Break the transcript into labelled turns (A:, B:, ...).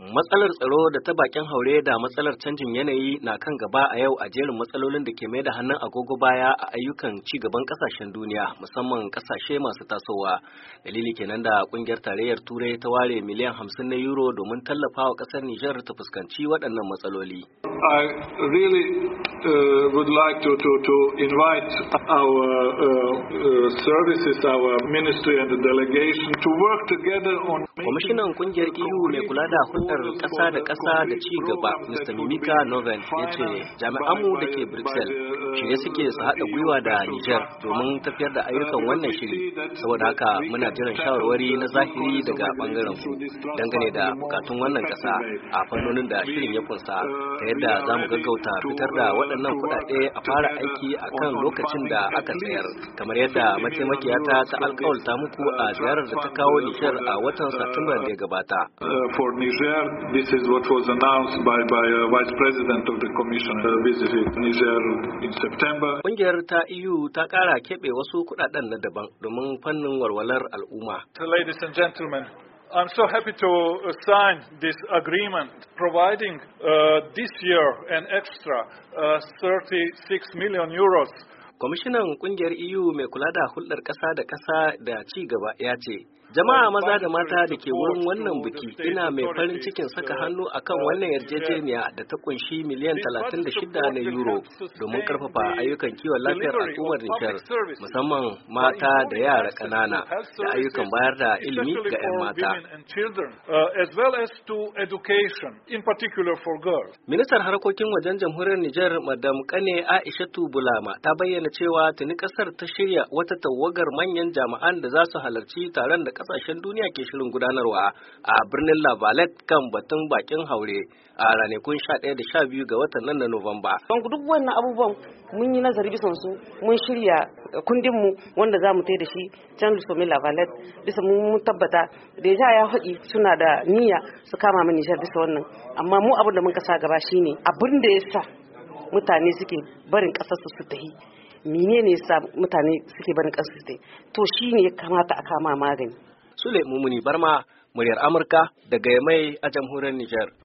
A: matsalar tsaro da ta bakin haure da matsalar canjin yanayi na kan gaba a yau a jerin matsalolin da ke mai da hannun agogo baya a ayyukan ci gaban kasashen duniya musamman kasashe masu tasowa dalili kenan da kungiyar tarayyar turai ta ware miliyan hamsin na euro domin tallafa wa kasar nijar ta fuskanci waɗannan matsaloli
B: I really uh, would like to, to, to invite our uh, services, our
A: ministry work together Kwamishinan kungiyar EU e mai kula da hulɗar ƙasa da ƙasa da ci gaba, Mr. Mimika Novel ya ce jami'anmu da ke Brussels ne uh, suke su haɗa gwiwa da Nijar, domin tafiyar da ayyukan uh, wannan shiri. Saboda haka muna jiran shawarwari na zahiri daga ɓangaren su dangane da bukatun wannan ƙasa a fannonin da shirin ya kunsa uh, ta yadda za mu gaggauta fitar da waɗannan kuɗaɗe a fara aiki a kan lokacin da aka tsayar kamar yadda mataimakiyata ta alkawalta muku a ziyarar da ta kawo Nijar a watan Satumba da ya gabata. Uh,
B: for Niger, this is what was announced by, by uh, Vice President of the Commission uh, visited Niger
A: in September. Ƙungiyar ta EU ta ƙara keɓe wasu kuɗaɗen na daban domin fannin walwalar al'umma.
B: Uh, ladies and gentlemen, I'm so happy to uh, sign this agreement providing uh, this year an extra uh,
A: 36 million euros Kwamishinan kungiyar EU mai kula da hulɗar ƙasa da ƙasa da ci gaba ya ce, Jama'a maza da mata da ke wurin wannan biki ina mai farin cikin saka hannu akan wannan yarjejeniya da ta kunshi miliyan 36 na euro domin karfafa ayyukan kiwon lafiyar al'ummar Nijar musamman mata da yara ƙanana da ayyukan bayar da ilimi ga 'yan mata. Ministar harkokin wajen jamhuriyar Nijar Madam Kane Aisha Bulama ta bayyana cewa tuni kasar ta shirya wata tawagar manyan jami'an da za su halarci taron da kasashen duniya ke shirin gudanarwa a birnin lavalet kan batun bakin haure a ranakun 11 da 12 ga watan nan na Nuwamba. Don duk wannan abubuwan mun yi nazari bisan su mun shirya kundin mu wanda za mu da shi can Lusomi lavalet bisa mun tabbata da ya haɗi suna da niyya su kama mu Nijar bisa wannan amma mu abin da mun kasa gaba shine abin da ya sa mutane suke barin ƙasarsu su tahi menene yasa mutane suke barin kansu su to ne ya kamata a kama magani sule mumuni barma muryar amurka daga mai a jamhuriyar Nijar.